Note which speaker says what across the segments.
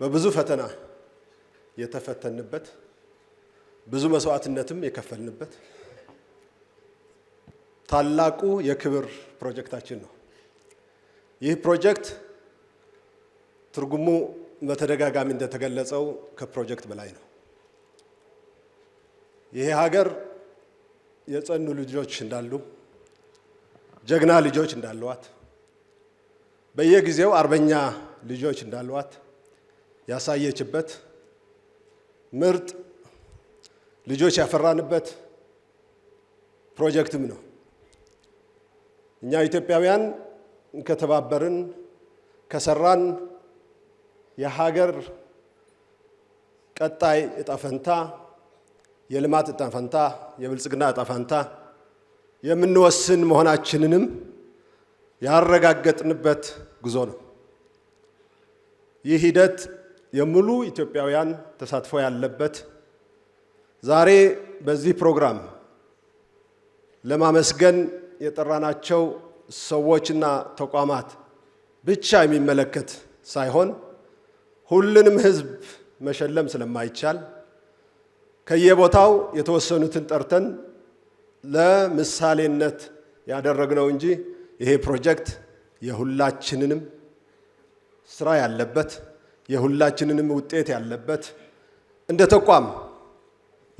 Speaker 1: በብዙ ፈተና የተፈተንበት ብዙ መስዋዕትነትም የከፈልንበት ታላቁ የክብር ፕሮጀክታችን ነው። ይህ ፕሮጀክት ትርጉሙ በተደጋጋሚ እንደተገለጸው ከፕሮጀክት በላይ ነው። ይሄ ሀገር የጸኑ ልጆች እንዳሉ፣ ጀግና ልጆች እንዳለዋት፣ በየጊዜው አርበኛ ልጆች እንዳለዋት ያሳየችበት ምርጥ ልጆች ያፈራንበት ፕሮጀክትም ነው። እኛ ኢትዮጵያውያን ከተባበርን፣ ከሰራን የሀገር ቀጣይ እጣፈንታ፣ የልማት እጣፈንታ የብልጽግና እጣፈንታ የምንወስን መሆናችንንም ያረጋገጥንበት ጉዞ ነው ይህ ሂደት የሙሉ ኢትዮጵያውያን ተሳትፎ ያለበት ዛሬ በዚህ ፕሮግራም ለማመስገን የጠራናቸው ሰዎችና ተቋማት ብቻ የሚመለከት ሳይሆን ሁሉንም ሕዝብ መሸለም ስለማይቻል ከየቦታው የተወሰኑትን ጠርተን ለምሳሌነት ያደረግነው እንጂ ይሄ ፕሮጀክት የሁላችንንም ስራ ያለበት የሁላችንንም ውጤት ያለበት እንደ ተቋም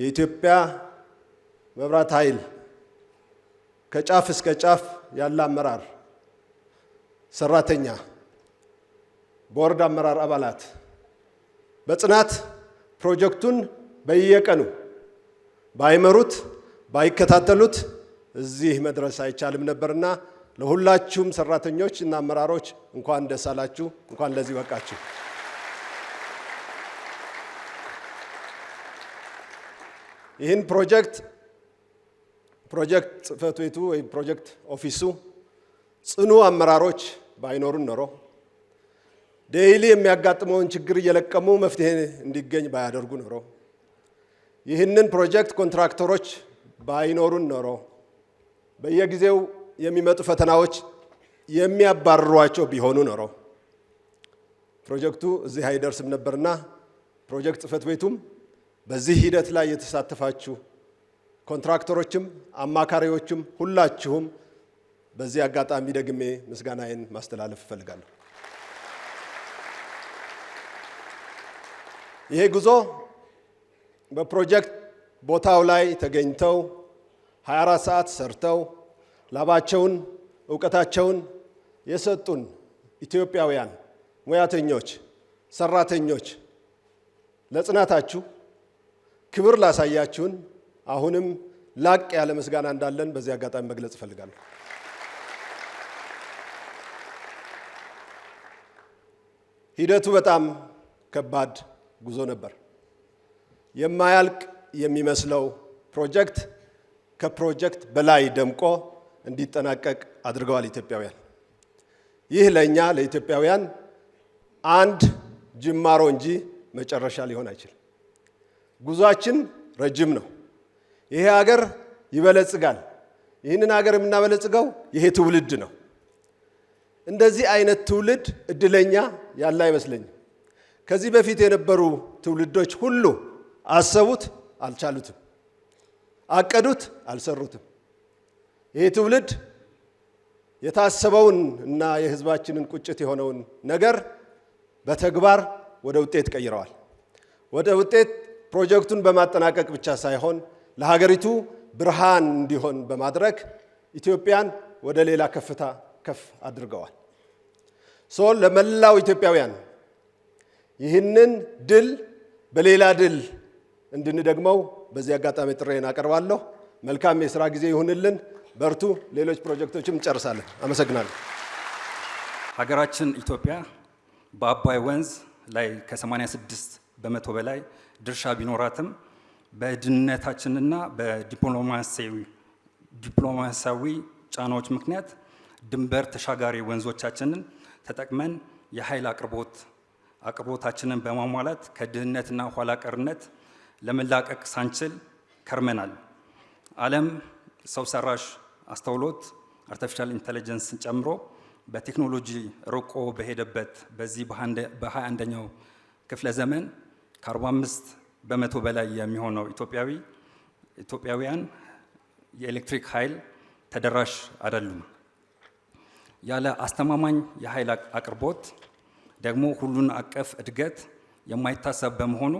Speaker 1: የኢትዮጵያ መብራት ኃይል ከጫፍ እስከ ጫፍ ያለ አመራር፣ ሰራተኛ፣ ቦርድ አመራር አባላት በጽናት ፕሮጀክቱን በየቀኑ ባይመሩት ባይከታተሉት እዚህ መድረስ አይቻልም ነበርና ለሁላችሁም ሰራተኞች እና አመራሮች እንኳን ደስ አላችሁ፣ እንኳን ለዚህ በቃችሁ። ይህን ፕሮጀክት ፕሮጀክት ጽህፈት ቤቱ ወይም ፕሮጀክት ኦፊሱ ጽኑ አመራሮች ባይኖሩን ኖሮ ዴይሊ የሚያጋጥመውን ችግር እየለቀሙ መፍትሄ እንዲገኝ ባያደርጉ ኖሮ ይህንን ፕሮጀክት ኮንትራክተሮች ባይኖሩን ኖሮ በየጊዜው የሚመጡ ፈተናዎች የሚያባርሯቸው ቢሆኑ ኖሮ ፕሮጀክቱ እዚህ አይደርስም ነበርና ፕሮጀክት ጽህፈት ቤቱም በዚህ ሂደት ላይ የተሳተፋችሁ ኮንትራክተሮችም አማካሪዎችም ሁላችሁም በዚህ አጋጣሚ ደግሜ ምስጋናዬን ማስተላለፍ እፈልጋለሁ። ይሄ ጉዞ በፕሮጀክት ቦታው ላይ ተገኝተው 24 ሰዓት ሰርተው ላባቸውን እውቀታቸውን የሰጡን ኢትዮጵያውያን ሙያተኞች፣ ሰራተኞች ለጽናታችሁ ክብር ላሳያችሁን አሁንም ላቅ ያለ ምስጋና እንዳለን በዚህ አጋጣሚ መግለጽ እፈልጋለሁ። ሂደቱ በጣም ከባድ ጉዞ ነበር። የማያልቅ የሚመስለው ፕሮጀክት ከፕሮጀክት በላይ ደምቆ እንዲጠናቀቅ አድርገዋል ኢትዮጵያውያን። ይህ ለእኛ ለኢትዮጵያውያን አንድ ጅማሮ እንጂ መጨረሻ ሊሆን አይችልም። ጉዟችን ረጅም ነው። ይሄ ሀገር ይበለጽጋል። ይህንን ሀገር የምናበለጽገው ይሄ ትውልድ ነው። እንደዚህ አይነት ትውልድ እድለኛ ያለ አይመስለኝም። ከዚህ በፊት የነበሩ ትውልዶች ሁሉ አሰቡት፣ አልቻሉትም። አቀዱት፣ አልሰሩትም። ይሄ ትውልድ የታሰበውን እና የህዝባችንን ቁጭት የሆነውን ነገር በተግባር ወደ ውጤት ቀይረዋል። ወደ ውጤት ፕሮጀክቱን በማጠናቀቅ ብቻ ሳይሆን ለሀገሪቱ ብርሃን እንዲሆን በማድረግ ኢትዮጵያን ወደ ሌላ ከፍታ ከፍ አድርገዋል። ሶ ለመላው ኢትዮጵያውያን ይህንን ድል በሌላ ድል እንድንደግመው በዚህ አጋጣሚ ጥሬን አቀርባለሁ። መልካም የስራ ጊዜ ይሁንልን። በርቱ። ሌሎች ፕሮጀክቶችም እንጨርሳለን። አመሰግናለሁ።
Speaker 2: ሀገራችን ኢትዮጵያ በአባይ ወንዝ ላይ ከ86 በመቶ በላይ ድርሻ ቢኖራትም በድህነታችንና በዲፕሎማሲያዊ ጫናዎች ምክንያት ድንበር ተሻጋሪ ወንዞቻችንን ተጠቅመን የኃይል አቅርቦት አቅርቦታችንን በማሟላት ከድህነትና ኋላ ቀርነት ለመላቀቅ ሳንችል ከርመናል። ዓለም ሰው ሰራሽ አስተውሎት አርቲፊሻል ኢንቴሊጀንስን ጨምሮ በቴክኖሎጂ ርቆ በሄደበት በዚህ በሃያ አንደኛው ክፍለ ዘመን ከ45 በመቶ በላይ የሚሆነው ኢትዮጵያዊ ኢትዮጵያውያን የኤሌክትሪክ ኃይል ተደራሽ አይደሉም። ያለ አስተማማኝ የኃይል አቅርቦት ደግሞ ሁሉን አቀፍ እድገት የማይታሰብ በመሆኑ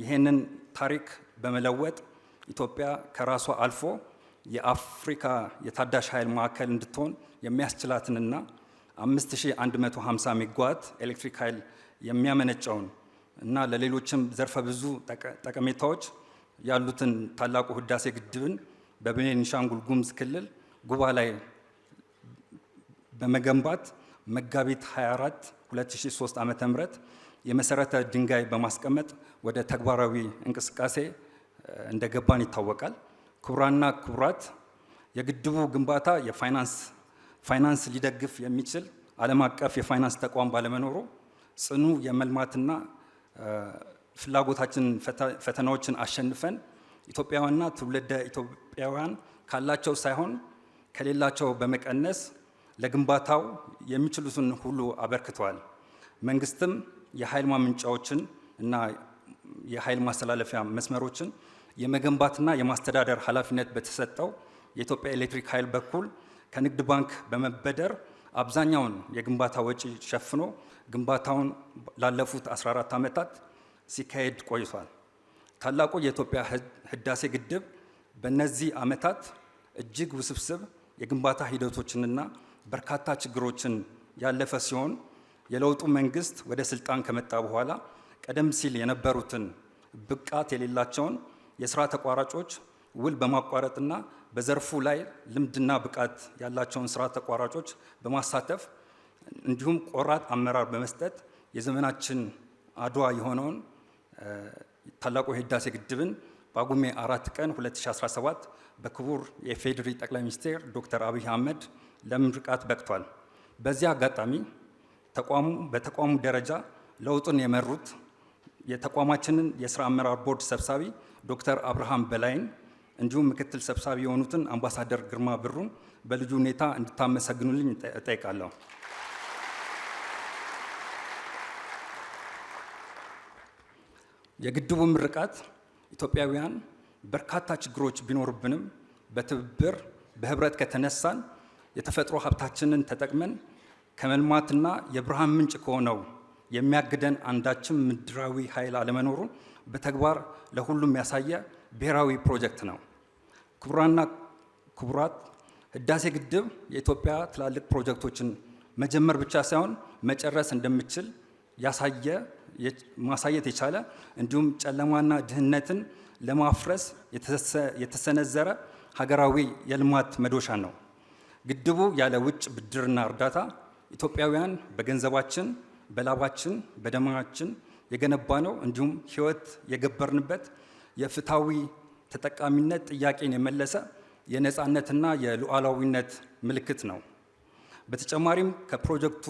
Speaker 2: ይህንን ታሪክ በመለወጥ ኢትዮጵያ ከራሷ አልፎ የአፍሪካ የታዳሽ ኃይል ማዕከል እንድትሆን የሚያስችላትንና 5150 ሜጋዋት ኤሌክትሪክ ኃይል የሚያመነጨውን እና ለሌሎችም ዘርፈ ብዙ ጠቀሜታዎች ያሉትን ታላቁ ህዳሴ ግድብን በቤኒሻንጉል ጉሙዝ ክልል ጉባ ላይ በመገንባት መጋቢት 24 2003 ዓ.ም የመሰረተ ድንጋይ በማስቀመጥ ወደ ተግባራዊ እንቅስቃሴ እንደገባን ይታወቃል። ክቡራና ክቡራት፣ የግድቡ ግንባታ የፋይናንስ ፋይናንስ ሊደግፍ የሚችል ዓለም አቀፍ የፋይናንስ ተቋም ባለመኖሩ ጽኑ የመልማትና ፍላጎታችን ፈተናዎችን አሸንፈን ኢትዮጵያውያንና ትውልደ ኢትዮጵያውያን ካላቸው ሳይሆን ከሌላቸው በመቀነስ ለግንባታው የሚችሉትን ሁሉ አበርክተዋል። መንግስትም የኃይል ማመንጫዎችን እና የኃይል ማስተላለፊያ መስመሮችን የመገንባትና የማስተዳደር ኃላፊነት በተሰጠው የኢትዮጵያ ኤሌክትሪክ ኃይል በኩል ከንግድ ባንክ በመበደር አብዛኛውን የግንባታ ወጪ ሸፍኖ ግንባታውን ላለፉት 14 ዓመታት ሲካሄድ ቆይቷል። ታላቁ የኢትዮጵያ ህዳሴ ግድብ በእነዚህ ዓመታት እጅግ ውስብስብ የግንባታ ሂደቶችንና በርካታ ችግሮችን ያለፈ ሲሆን የለውጡ መንግስት ወደ ስልጣን ከመጣ በኋላ ቀደም ሲል የነበሩትን ብቃት የሌላቸውን የስራ ተቋራጮች ውል በማቋረጥና በዘርፉ ላይ ልምድና ብቃት ያላቸውን ስራ ተቋራጮች በማሳተፍ እንዲሁም ቆራጥ አመራር በመስጠት የዘመናችን አድዋ የሆነውን ታላቁ የህዳሴ ግድብን በጳጉሜ አራት ቀን 2017 በክቡር የኢፌዴሪ ጠቅላይ ሚኒስትር ዶክተር አብይ አህመድ ለምርቃት በቅቷል። በዚህ አጋጣሚ ተቋሙ በተቋሙ ደረጃ ለውጡን የመሩት የተቋማችንን የስራ አመራር ቦርድ ሰብሳቢ ዶክተር አብርሃም በላይን እንዲሁም ምክትል ሰብሳቢ የሆኑትን አምባሳደር ግርማ ብሩን በልዩ ሁኔታ እንድታመሰግኑልኝ እጠይቃለሁ። የግድቡ ምርቃት ኢትዮጵያውያን በርካታ ችግሮች ቢኖርብንም በትብብር በህብረት ከተነሳን የተፈጥሮ ሀብታችንን ተጠቅመን ከመልማትና የብርሃን ምንጭ ከሆነው የሚያግደን አንዳችም ምድራዊ ኃይል አለመኖሩን በተግባር ለሁሉም ያሳየ ብሔራዊ ፕሮጀክት ነው። ክቡራና ክቡራት ህዳሴ ግድብ የኢትዮጵያ ትላልቅ ፕሮጀክቶችን መጀመር ብቻ ሳይሆን መጨረስ እንደምችል ያሳየ ማሳየት የቻለ እንዲሁም ጨለማና ድህነትን ለማፍረስ የተሰነዘረ ሀገራዊ የልማት መዶሻ ነው። ግድቡ ያለ ውጭ ብድርና እርዳታ ኢትዮጵያውያን በገንዘባችን፣ በላባችን፣ በደማችን የገነባ ነው። እንዲሁም ህይወት የገበርንበት የፍትሐዊ ተጠቃሚነት ጥያቄን የመለሰ የነፃነትና የሉዓላዊነት ምልክት ነው። በተጨማሪም ከፕሮጀክቱ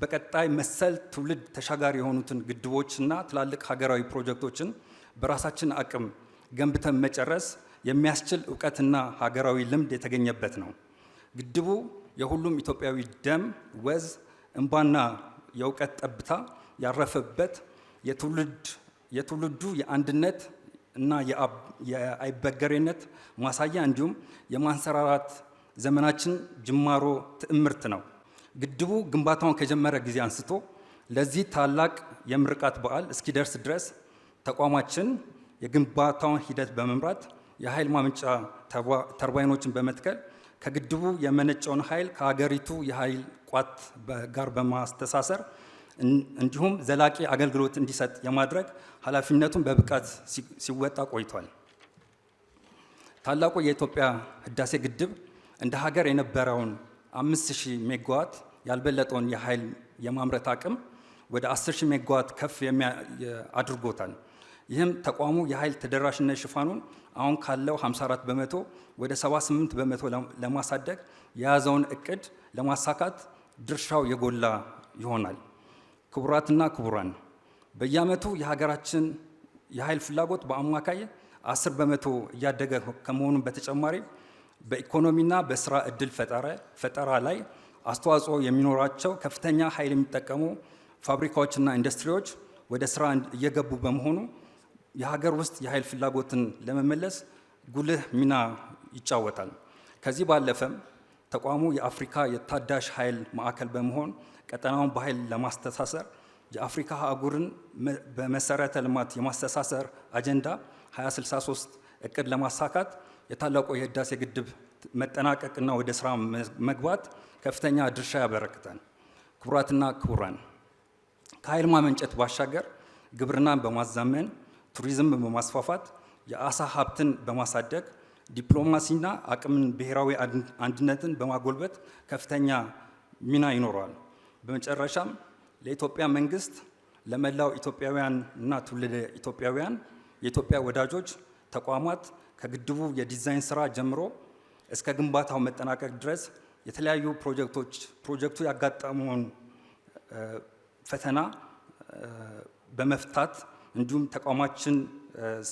Speaker 2: በቀጣይ መሰል ትውልድ ተሻጋሪ የሆኑትን ግድቦችና ትላልቅ ሀገራዊ ፕሮጀክቶችን በራሳችን አቅም ገንብተን መጨረስ የሚያስችል እውቀትና ሀገራዊ ልምድ የተገኘበት ነው። ግድቡ የሁሉም ኢትዮጵያዊ ደም፣ ወዝ፣ እንባና የእውቀት ጠብታ ያረፈበት የትውልዱ የአንድነት እና የአይበገሬነት ማሳያ እንዲሁም የማንሰራራት ዘመናችን ጅማሮ ትዕምርት ነው። ግድቡ ግንባታውን ከጀመረ ጊዜ አንስቶ ለዚህ ታላቅ የምርቃት በዓል እስኪደርስ ድረስ ተቋማችን የግንባታውን ሂደት በመምራት የኃይል ማመንጫ ተርባይኖችን በመትከል ከግድቡ የመነጨውን ኃይል ከሀገሪቱ የኃይል ቋት ጋር በማስተሳሰር እንዲሁም ዘላቂ አገልግሎት እንዲሰጥ የማድረግ ኃላፊነቱን በብቃት ሲወጣ ቆይቷል። ታላቁ የኢትዮጵያ ህዳሴ ግድብ እንደ ሀገር የነበረውን 5000 ሜጋዋት ያልበለጠውን የኃይል የማምረት አቅም ወደ 10000 ሜጋዋት ከፍ አድርጎታል። ይህም ተቋሙ የኃይል ተደራሽነት ሽፋኑን አሁን ካለው 54 በመቶ ወደ 78 በመቶ ለማሳደግ የያዘውን እቅድ ለማሳካት ድርሻው የጎላ ይሆናል። ክቡራትና ክቡራን በየዓመቱ የሀገራችን የኃይል ፍላጎት በአማካይ አስር በመቶ እያደገ ከመሆኑ በተጨማሪ በኢኮኖሚና በስራ እድል ፈጠራ ላይ አስተዋጽኦ የሚኖራቸው ከፍተኛ ኃይል የሚጠቀሙ ፋብሪካዎችና ኢንዱስትሪዎች ወደ ስራ እየገቡ በመሆኑ የሀገር ውስጥ የኃይል ፍላጎትን ለመመለስ ጉልህ ሚና ይጫወታል። ከዚህ ባለፈም ተቋሙ የአፍሪካ የታዳሽ ኃይል ማዕከል በመሆን ቀጠናውን በኃይል ለማስተሳሰር የአፍሪካ አህጉርን በመሰረተ ልማት የማስተሳሰር አጀንዳ 2063 እቅድ ለማሳካት የታላቁ የህዳሴ ግድብ መጠናቀቅና ወደ ስራ መግባት ከፍተኛ ድርሻ ያበረክታል። ክቡራትና ክቡራን፣ ከኃይል ማመንጨት ባሻገር ግብርናን በማዛመን ቱሪዝምን በማስፋፋት የአሳ ሀብትን በማሳደግ ዲፕሎማሲና አቅምን ብሔራዊ አንድነትን በማጎልበት ከፍተኛ ሚና ይኖረዋል። በመጨረሻም ለኢትዮጵያ መንግስት፣ ለመላው ኢትዮጵያውያን እና ትውልደ ኢትዮጵያውያን፣ የኢትዮጵያ ወዳጆች ተቋማት ከግድቡ የዲዛይን ስራ ጀምሮ እስከ ግንባታው መጠናቀቅ ድረስ የተለያዩ ፕሮጀክቶች ፕሮጀክቱ ያጋጠመውን ፈተና በመፍታት እንዲሁም ተቋማችን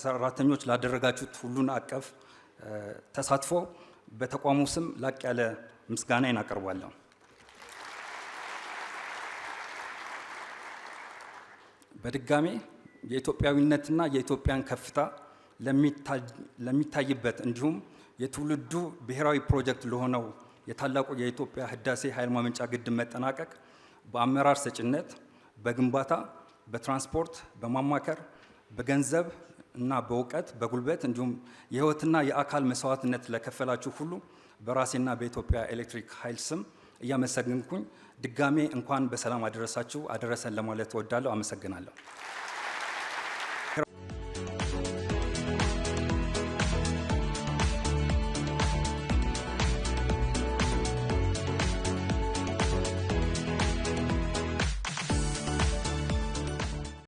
Speaker 2: ሰራተኞች ላደረጋችሁት ሁሉን አቀፍ ተሳትፎ በተቋሙ ስም ላቅ ያለ ምስጋና አቀርባለሁ። በድጋሜ የኢትዮጵያዊነትና የኢትዮጵያን ከፍታ ለሚታይበት እንዲሁም የትውልዱ ብሔራዊ ፕሮጀክት ለሆነው የታላቁ የኢትዮጵያ ህዳሴ ኃይል ማመንጫ ግድብ መጠናቀቅ በአመራር ሰጭነት፣ በግንባታ፣ በትራንስፖርት፣ በማማከር፣ በገንዘብ እና በእውቀት በጉልበት እንዲሁም የህይወትና የአካል መስዋዕትነት ለከፈላችሁ ሁሉ በራሴና በኢትዮጵያ ኤሌክትሪክ ኃይል ስም እያመሰግንኩኝ ድጋሜ እንኳን በሰላም አደረሳችሁ አደረሰን ለማለት እወዳለሁ። አመሰግናለሁ።